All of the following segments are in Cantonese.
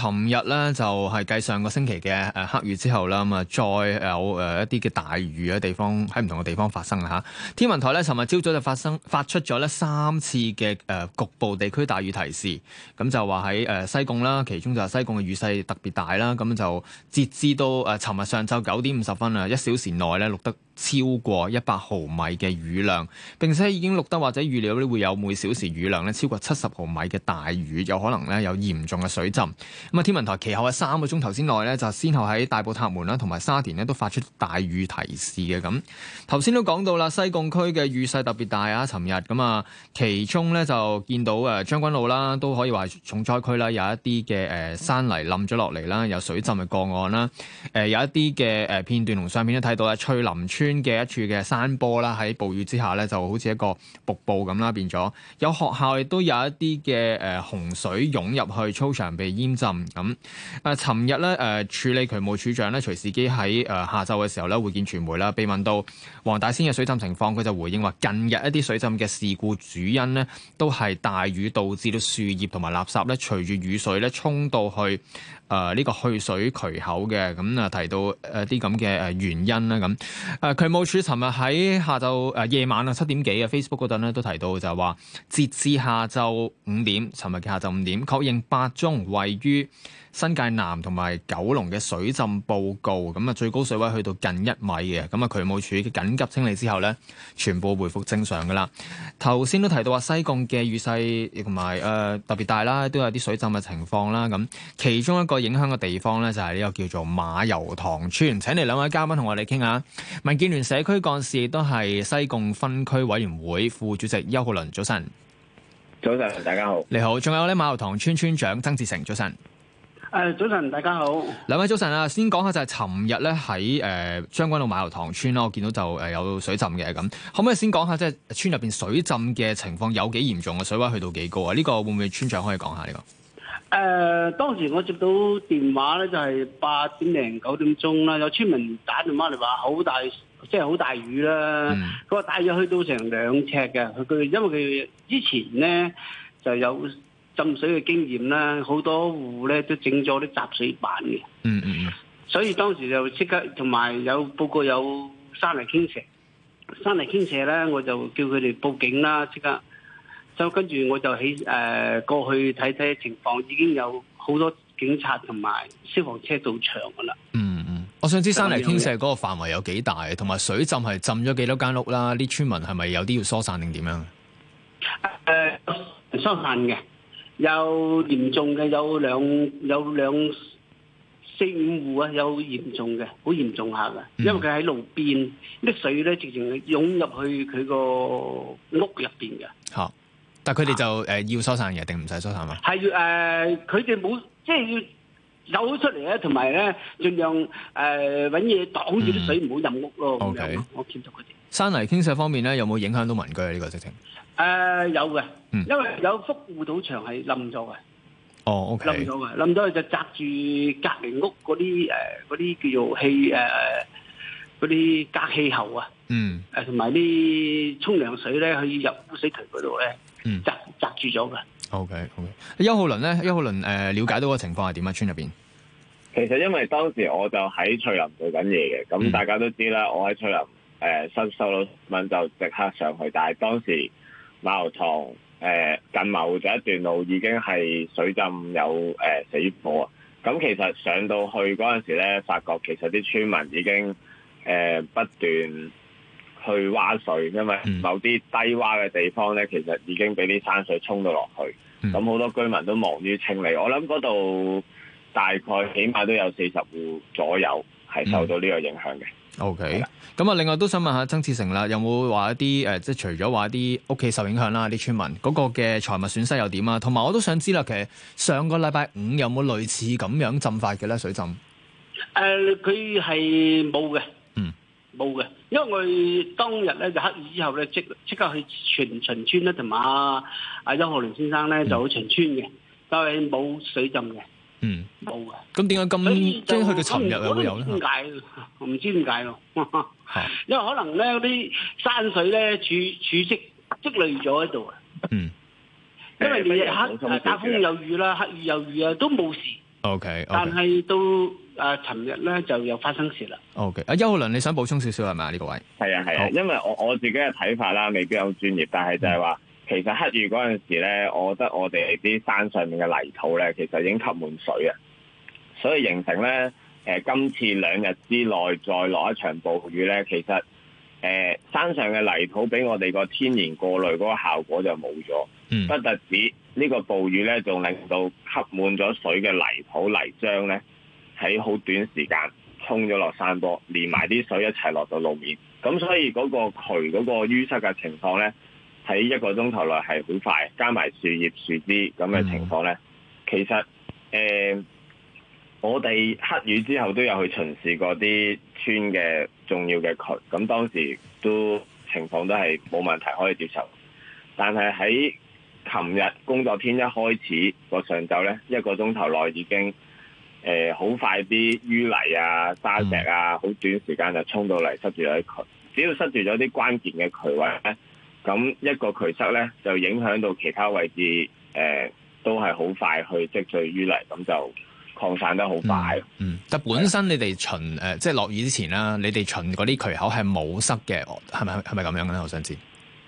琴日咧就係、是、繼上個星期嘅黑雨之後啦，咁啊再有一啲嘅大雨嘅地方喺唔同嘅地方發生啦。嚇，天文台咧，尋日朝早就發生發出咗咧三次嘅局部地區大雨提示，咁就話喺西貢啦，其中就係西貢嘅雨勢特別大啦。咁就截至到誒尋日上晝九點五十分啊，一小時內咧錄得超過一百毫米嘅雨量，並且已經錄得或者預料呢會有每小時雨量咧超過七十毫米嘅大雨，有可能咧有嚴重嘅水浸。咁啊！天文台其後啊三個鐘頭先內咧，就先後喺大埔塔門啦，同埋沙田咧都發出大雨提示嘅咁。頭先都講到啦，西貢區嘅雨勢特別大啊！尋日咁啊，其中咧就見到誒將軍澳啦，都可以話重災區啦，有一啲嘅誒山泥冧咗落嚟啦，有水浸嘅個案啦。誒、呃、有一啲嘅誒片段同相片都睇到啦，翠林村嘅一處嘅山坡啦，喺暴雨之下咧就好似一個瀑布咁啦，變咗有學校亦都有一啲嘅誒洪水湧入去操場被淹浸。咁、嗯、啊，尋日咧誒、啊，處理渠務處長咧，徐仕基喺、啊、下晝嘅時候咧，會見傳媒啦，被問到黃大仙嘅水浸情況，佢就回應話，近日一啲水浸嘅事故主因呢都係大雨導致到樹葉同埋垃圾咧，隨住雨水咧，沖到去誒呢、啊這個去水渠口嘅，咁啊提到一啲咁嘅原因啦咁。誒渠、啊、務處尋日喺下晝、啊、夜晚啊七點幾嘅 Facebook 嗰度都提到就係話，截至下晝五點，尋日嘅下晝五點，確認八宗位於新界南同埋九龍嘅水浸報告，咁啊最高水位去到近一米嘅，咁啊渠務處緊急清理之後咧，全部回復正常噶啦。頭先都提到話西貢嘅雨勢同埋誒特別大啦，都有啲水浸嘅情況啦。咁其中一個影響嘅地方呢，就係呢個叫做馬游塘村，請嚟兩位嘉賓同我哋傾下。民建聯社區幹事都係西貢分區委員會副主席邱浩麟，早晨。早晨，大家好。你好，仲有咧馬游塘村村長曾志誠，早晨。誒、呃，早晨，大家好。兩位早晨啊，先講下就係尋日咧喺誒將軍澳馬游塘村啦，我見到就誒有水浸嘅，咁，可唔可以先講下即係村入邊水浸嘅情況有幾嚴重啊？水位去到幾高啊？呢、這個會唔會村長可以講下呢、這個？誒、呃，當時我接到電話咧就係八點零九點鐘啦，有村民打電話嚟話好大，即係好大雨啦。佢話、嗯、大約去到成兩尺嘅。佢佢因為佢之前咧就有。浸水嘅經驗啦，好多戶咧都整咗啲雜水板嘅、嗯。嗯嗯嗯。所以當時就即刻同埋有報告有山泥傾瀉，山泥傾瀉咧，我就叫佢哋報警啦，即刻。就跟住我就喺誒過去睇睇情況，已經有好多警察同埋消防車到場噶啦。嗯嗯，我想知山泥傾瀉嗰個範圍有幾大，同埋水浸係浸咗幾多間屋啦？啲村民係咪有啲要疏散定點樣？誒、呃，疏散嘅。有嚴重嘅，有兩有兩四五戶啊，有嚴重嘅，好嚴重下嘅，因為佢喺路邊，啲水咧直情湧入去佢個屋入邊嘅。好、啊，但係佢哋就誒、呃、要疏散嘅，定唔使疏散啊？係誒，佢哋冇即係要走出嚟咧，同埋咧盡量誒揾嘢擋住啲水，唔好入屋咯。O K，嗯、我睇住佢哋。okay. 山泥傾瀉方面咧，這個、有冇影響到民居啊？呢個直情。誒、呃、有嘅，嗯、因為有幅護土牆係冧咗嘅。哦，OK。冧咗嘅，冧咗佢就扎住隔離屋嗰啲誒啲叫做氣誒啲隔氣喉啊。嗯。誒同埋啲沖涼水咧，去入污水渠嗰度咧，扎扎、嗯、住咗嘅。OK OK。邱浩麟咧，邱浩麟誒瞭解到個情況係點啊？村入邊其實因為當時我就喺翠林做緊嘢嘅，咁大家都知啦。我喺翠林誒新、呃、收到問就即刻上，上去，但係當時。馬游塘，誒、呃、近某就一段路已經係水浸，有誒、呃、死火啊！咁其實上到去嗰陣時咧，發覺其實啲村民已經誒、呃、不斷去挖水，因為某啲低洼嘅地方咧，其實已經俾啲山水沖到落去。咁好、嗯、多居民都忙於清理，我諗嗰度大概起碼都有四十戶左右係受到呢個影響嘅。O K，咁啊，okay, 的另外都想問一下曾志誠啦，有冇話一啲誒，即係除咗話啲屋企受影響啦，啲村民嗰個嘅財物損失又點啊？同埋我都想知啦，其實上個禮拜五有冇類似咁樣浸法嘅咧水浸？誒、呃，佢係冇嘅，嗯，冇嘅，因為我當日咧就黑雨之後咧即即刻去全巡村啦，同埋阿邱浩麟先生咧、嗯、就巡村嘅，但係冇水浸嘅。嗯，冇嘅。咁點解咁即係去到尋日又有咧？點解？我唔知點解咯。因為可能咧啲山水咧儲儲積積累咗喺度啊。嗯，因為連黑打風有雨啦，黑雨有雨啊，都冇事。O K，但係都誒，尋日咧就又發生事啦。O K，阿邱浩麟，你想補充少少係咪？呢個位係啊係啊，啊哦、因為我我自己嘅睇法啦，未必有專業，但係就係話。嗯其實黑雨嗰陣時咧，我覺得我哋啲山上面嘅泥土咧，其實已經吸滿水啊，所以形成咧，誒、呃、今次兩日之內再落一場暴雨咧，其實誒、呃、山上嘅泥土俾我哋個天然過濾嗰個效果就冇咗，嗯，不特止呢個暴雨咧，仲令到吸滿咗水嘅泥土泥漿咧，喺好短時間沖咗落山坡，連埋啲水一齊落到路面，咁所以嗰個渠嗰個淤塞嘅情況咧，喺一個鐘頭內係好快的，加埋樹葉樹枝咁嘅情況呢。嗯、其實誒、呃，我哋黑雨之後都有去巡視過啲村嘅重要嘅渠，咁當時都情況都係冇問題可以接受。但係喺琴日工作天一開始個上晝呢，一個鐘頭內已經誒好、呃、快啲淤泥啊、沙石啊，好、嗯、短時間就衝到嚟塞住咗啲渠，只要塞住咗啲關鍵嘅渠位咁一個渠塞咧，就影響到其他位置、呃、都係好快去積聚淤泥，咁就擴散得好快嗯。嗯，但本身你哋巡即係、呃即係、落雨之前啦，你哋巡嗰啲渠口係冇塞嘅，係咪係咪咁樣咧？我想知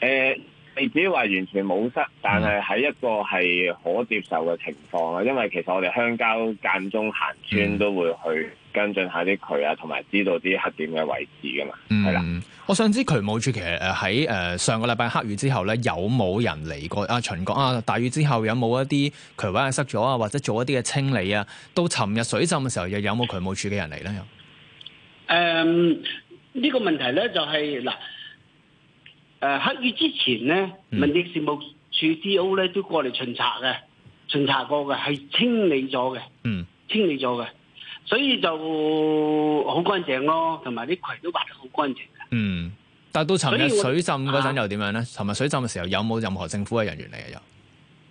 誒。你只係話完全冇塞，但係喺一個係可接受嘅情況啦。因為其實我哋鄉郊間中行村都會去跟進下啲渠啊，同埋知道啲黑點嘅位置噶嘛。係啦，嗯，了我想知渠務處其實誒喺誒上個禮拜黑雨之後咧，有冇人嚟過啊？巡過啊？大雨之後有冇一啲渠位係塞咗啊？或者做一啲嘅清理啊？到尋日水浸嘅時候又有冇渠務處嘅人嚟咧？有，有呢？誒、嗯、呢、這個問題咧就係、是、嗱。誒、呃，黑雨之前咧，嗯、民政事務處 D.O. 咧都過嚟巡查嘅，巡查過嘅，係清理咗嘅，嗯，清理咗嘅，所以就好乾淨咯，同埋啲渠都挖得好乾淨嘅。嗯，但係到尋日水浸嗰陣又點樣咧？尋日、啊、水浸嘅時候有冇任何政府嘅人員嚟啊？又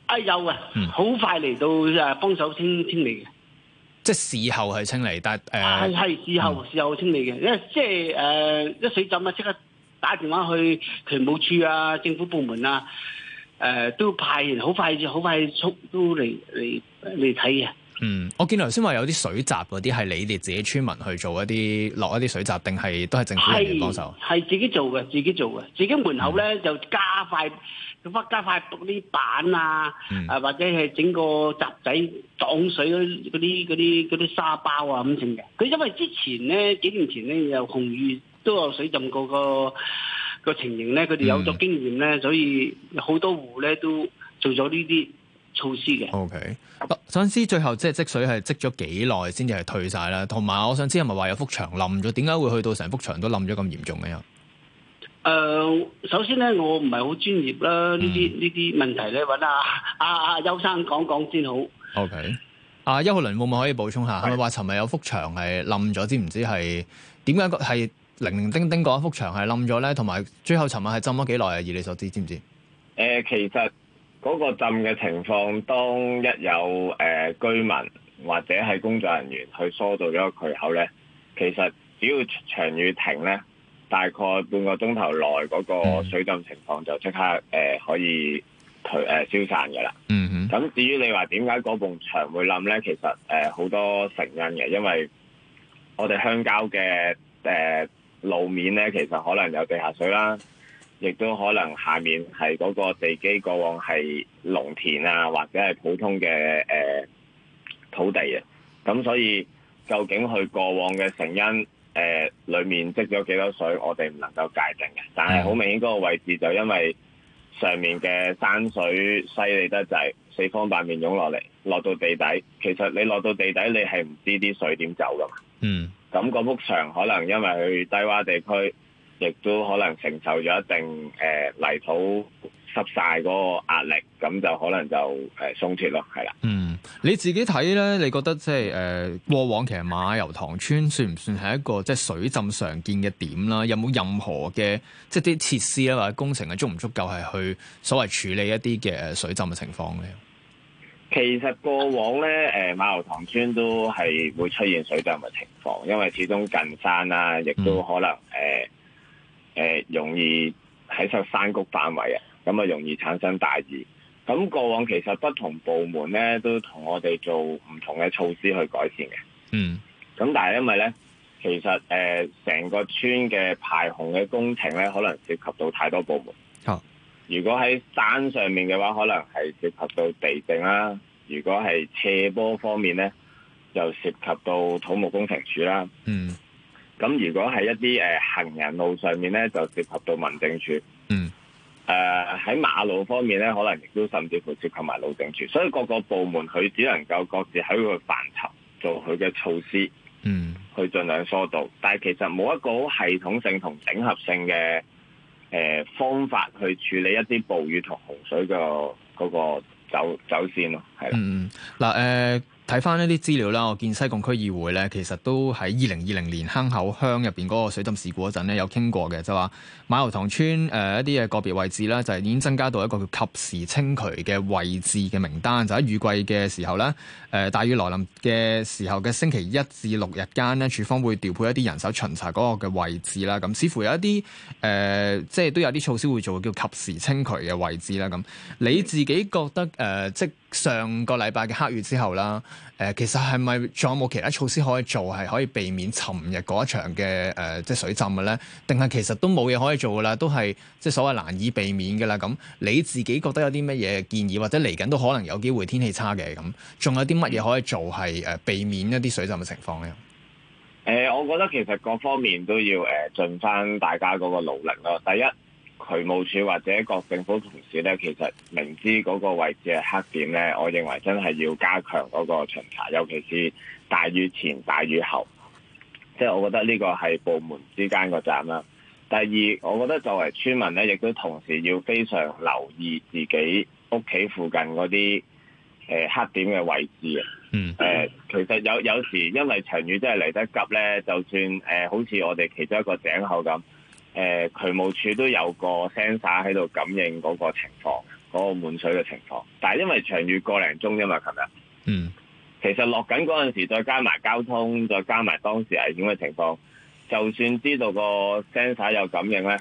啊有嘅，好、嗯、快嚟到誒幫手清清理嘅，即係事後係清理，但係誒係係事後事後清理嘅，因為即係誒、呃、一水浸啊即刻。打電話去渠務署啊、政府部門啊，誒、呃、都派人好快、好快速都嚟嚟嚟睇嘅。嗯，我見頭先話有啲水閘嗰啲係你哋自己村民去做一啲落一啲水閘，定係都係政府人幫手？係，係自己做嘅，自己做嘅，自己門口咧、嗯、就加快，就加快啲板啊，啊、嗯、或者係整個閘仔擋水嗰啲啲啲沙包啊咁整嘅。佢因為之前咧幾年前咧有紅雨。都有水浸個個個情形咧，佢哋有咗經驗咧，嗯、所以好多戶咧都做咗呢啲措施嘅。O、okay. K、啊。我想知最後即係積水係積咗幾耐先至係退晒啦。同埋我想知係咪話有幅牆冧咗？點解會去到成幅牆都冧咗咁嚴重嘅又？誒、呃，首先咧，我唔係好專業啦。呢啲呢啲問題咧，揾阿阿阿邱生講講先好。O、okay. K、啊。阿邱浩麟，會唔會可以補充下？係咪話尋日有幅牆係冧咗？知唔知係點解個係？零零丁丁嗰一幅牆係冧咗咧，同埋最後尋日係浸咗幾耐啊？以你所知知唔知、呃？其實嗰個浸嘅情況，當一有、呃、居民或者係工作人員去疏導咗個渠口咧，其實只要場雨停咧，大概半個鐘頭內嗰個水浸情況就即刻、呃、可以、呃、消散㗎啦。嗯哼。咁至於你話點解嗰埲牆會冧咧？其實好、呃、多成因嘅，因為我哋鄉郊嘅路面咧，其實可能有地下水啦，亦都可能下面係嗰個地基，過往係農田啊，或者係普通嘅、呃、土地啊。咁所以究竟佢過往嘅成因誒，呃、裡面積咗幾多水，我哋唔能夠界定嘅。但係好明顯嗰個位置就因為上面嘅山水犀利得滯，四方八面湧落嚟，落到地底，其實你落到地底，你係唔知啲水點走㗎嘛？嗯。咁嗰幅牆可能因為去低窪地區，亦都可能承受咗一定誒、呃、泥土濕晒嗰個壓力，咁就可能就誒、呃、鬆脱咯，係啦。嗯，你自己睇咧，你覺得即係誒過往其實馬游塘村算唔算係一個即係、就是、水浸常見嘅點啦？有冇任何嘅即係啲設施啦或者工程係足唔足夠係去所謂處理一啲嘅水浸嘅情況咧？其實過往咧，誒馬游塘村都係會出現水浸嘅情況，因為始終近山啦，啊，亦都可能誒誒、呃呃、容易喺山谷範圍啊，咁啊容易產生大意。咁過往其實不同部門咧都和我們做不同我哋做唔同嘅措施去改善嘅。嗯。咁但係因為咧，其實誒成、呃、個村嘅排洪嘅工程咧，可能涉及到太多部門。如果喺山上面嘅話，可能係涉及到地政啦；如果係斜坡方面咧，就涉及到土木工程署啦。嗯，咁如果係一啲誒行人路上面咧，就涉及到民政署。嗯，誒喺、mm. 呃、馬路方面咧，可能亦都甚至乎涉及埋路政署。所以各個部門佢只能夠各自喺佢範疇做佢嘅措施。嗯，mm. 去盡量疏導，但係其實冇一個好系統性同整合性嘅。誒方法去處理一啲暴雨同洪水嘅嗰個走走線咯，係嗯嗱誒。睇翻一啲資料啦，我見西貢區議會咧，其實都喺二零二零年坑口鄉入面嗰個水浸事故嗰陣咧，有傾過嘅，就話馬游塘村誒、呃、一啲嘅個別位置啦，就已經增加到一個叫及時清渠嘅位置嘅名單，就喺雨季嘅時候咧，誒、呃、大雨來臨嘅時候嘅星期一至六日間咧，處方會調配一啲人手巡查嗰個嘅位置啦。咁似乎有一啲誒，即、呃、係、就是、都有啲措施會做嘅，叫及時清渠嘅位置啦。咁你自己覺得誒、呃，即上個禮拜嘅黑雨之後啦，誒，其實係咪仲有冇其他措施可以做，係可以避免尋日嗰一場嘅誒，即係水浸嘅咧？定係其實都冇嘢可以做噶啦，都係即係所謂難以避免噶啦。咁你自己覺得有啲乜嘢建議，或者嚟緊都可能有機會天氣差嘅咁，仲有啲乜嘢可以做係誒避免一啲水浸嘅情況咧？誒、呃，我覺得其實各方面都要誒盡翻大家嗰個努力咯。第一，渠務署或者各政府同事咧，其實明知嗰個位置係黑點咧，我認為真係要加強嗰個巡查，尤其是大雨前、大雨後。即係我覺得呢個係部門之間個站啦。第二，我覺得作為村民咧，亦都同時要非常留意自己屋企附近嗰啲黑點嘅位置啊。嗯、呃。其實有有時因為長雨真係嚟得急咧，就算、呃、好似我哋其中一個井口咁。誒、呃、渠務處都有個 sensor 喺度感應嗰個情況，嗰、嗰個滿水嘅情況。但係因為長雨過零鐘啫嘛，琴日。嗯。其實落緊嗰陣時，再加埋交通，再加埋當時危險嘅情況，就算知道個 sensor 有感應咧，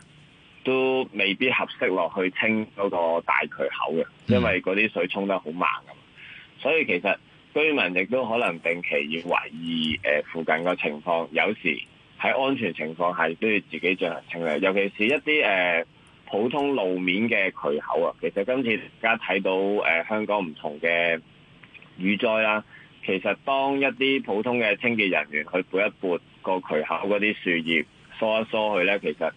都未必合適落去清嗰個大渠口嘅，因為嗰啲水沖得好猛啊。所以其實居民亦都可能定期要懷疑誒附近嘅情況，有時。喺安全情況下，亦都要自己進行清理。尤其是一啲誒、呃、普通路面嘅渠口啊，其實今次大家睇到誒、呃、香港唔同嘅雨災啦，其實當一啲普通嘅清潔人員去撥一撥個渠口嗰啲樹葉，梳一梳佢呢，其實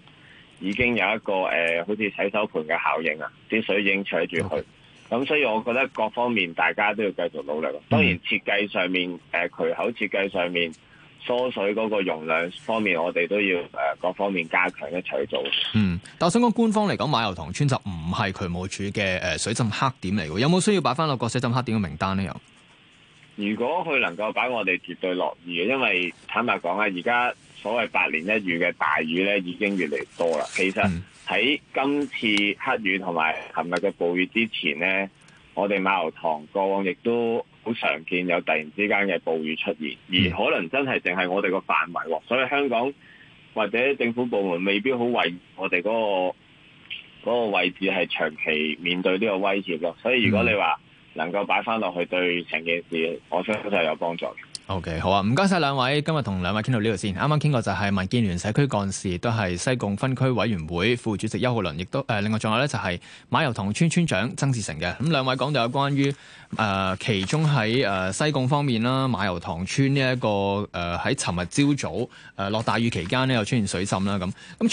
已經有一個誒、呃、好似洗手盤嘅效應啊，啲水已經取住佢。咁 Okay. 所以，我覺得各方面大家都要繼續努力。當然設計上面，mm. 呃、渠口設計上面。疏水嗰個容量方面，我哋都要誒各方面加強，一齊去做。嗯，但我想講，官方嚟講，馬游塘村就唔係渠務署嘅誒水浸黑點嚟嘅，有冇需要擺翻落個水浸黑點嘅名單呢？又如果佢能夠擺我哋絕對落雨，因為坦白講啦，而家所謂百年一遇嘅大雨呢，已經越嚟越多啦。其實喺今次黑雨同埋琴日嘅暴雨之前呢，我哋馬游塘過往亦都。好常見有突然之間嘅暴雨出現，而可能真係淨係我哋個範圍喎，所以香港或者政府部門未必好為我哋嗰個嗰個位置係長期面對呢個威脅咯。所以如果你話能夠擺翻落去對成件事，我相信係有幫助。O.K. 好啊，唔該晒。兩位，今日同兩位傾到呢度先。啱啱傾過就係民建聯社區幹事，亦都係西貢分區委員會副主席邱浩麟，亦都、呃、另外仲有咧就係、是、馬游塘村，村村長曾志誠嘅。咁兩位講到有關於誒、呃、其中喺、呃、西貢方面啦，馬游塘村呢、這、一個誒喺尋日朝早落、呃、大雨期間呢，又出現水浸啦咁。咁